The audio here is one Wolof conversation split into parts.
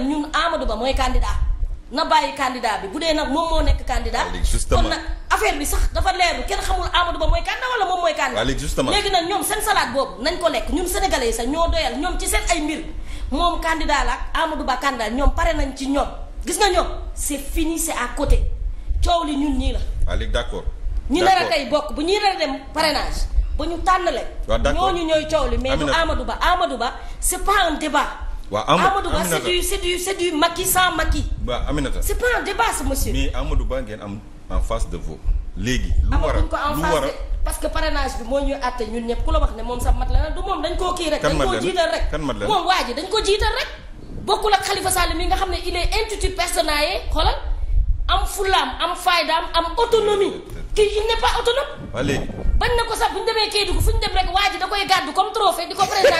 dem ñun Amadou Ba mooy candidat na bàyyi candidat bi bu dee nag moom moo nekk candidat kon nag affaire bi sax dafa leerlu kenn xamul Amadou Ba mooy candidat wala moom mooy candidat léegi nag ñoom seen salade boobu nañ ko ñoo doyal ñoom ci seen ay mbir la ak Ba candidat ñoom pare nañ ci ñoom gis nga ñoom c'est fini c'est à côté coow li ñun ñii la waa léegi d'accord ñi nar a tey bokk bu ñuy nar a dem parrainage ba ñu tànn leen ñooñu ñooy coow li mais du Amadou Ba Amadou Ba c'est pas un débat waaw Amadou Ba c'est du c'est du c'est du Macky sans Macky. waaw Aminata c'est pas un débat ce monsieur. mais Amadou Ba ngeen am en face de vous. léegi lu war a ko en face parce que parrainage bi moo ñuy àtte ñun ñëpp ku la wax ne moom sax mat la waa ji dañ ko jiital rek. bokkul ak Khalifa Sall mi nga xam ne il est intitut personnalisé xoolal am fulaam am faydaam am autonomie. kii il n'est pas waa léegi bañ na ko sax bu ñu demee Kédougou fu ñu dem rek waa ji da koy gàddu comme trophée di ko présenté.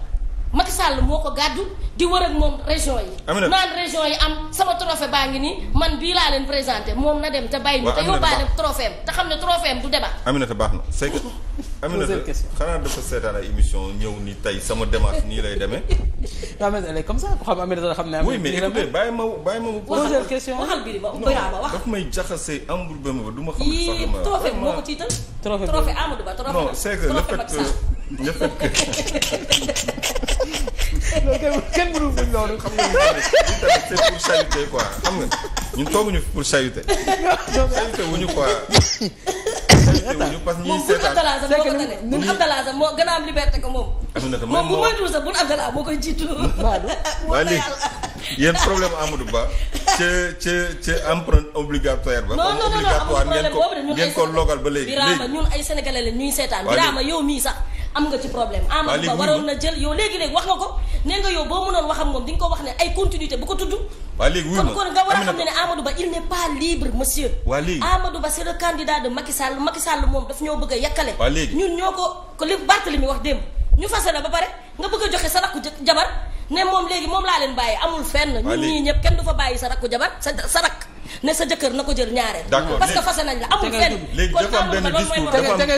Macky Sall moo ko gàddu di wër ak moom région yi. naan région yi am sama trophée baa ngi nii man bii laa leen présenté moom na dem te bàyyi. waaw te yóbbaale trophée am te xam ne trophée am du débat. Aminata baax na c'est que. Aminata xanaa dafa seetaan ay émission tey sama démarche nii lay demee. daa mel ni comme ça xam Aminata xam naa. oui mais écoutez bàyyi ma bàyyi ma. poser question waxal bi ba wax. may jaxase amul ba ba du ma xam. sax ma trophée moo ko tiital. trophée Amadou Ba trophée non c'est que le fait que le fait que kenn kenn mënul muñ loolu. xam nga tamit xam nga ñun tooguñu pour saluer. saluer wuñu quoi. parce moo gën a am liberté ko moom. moom bu moytuwul sax bu Abdallah moo koy jiitu. waaw yéen problème Amadou Ba ca ca ca emprunt obligatoire ba. non non non obligatoire ngeen ko ngeen ko logal ba léegi. Birama ñun ay sénégalais la ñuy seetaan. Birama yow mii sax am nga ci problème. Amadou Ba na jël yow léegi léegi wax nga ko nee nga yow boo mënoon wax ak moom di nga ko wax ne ay continuité bu ko tudd. waa léegi wuy ma kon kon nga war a xam ne ne Amadou Ba il n'est pas libre monsieur. waa léegi Amadou Ba c'est le candidat de Macky Sall Macky Sall moom daf ñoo bëgg a yàkkale. waa léegi ñun ñoo ko ko li Barthélemy wax démb ñu fase la ba pare nga bëgg a joxe sa rakku jabar ne moom léegi moom laa leen bàyyi amul fenn ñun ñii ñëpp kenn du fa bàyyi sa rakku jabar sa sa rak ne sa jëkkër na ko jël ñaareel parce que nañ la amul fenn kon dafa am benn discours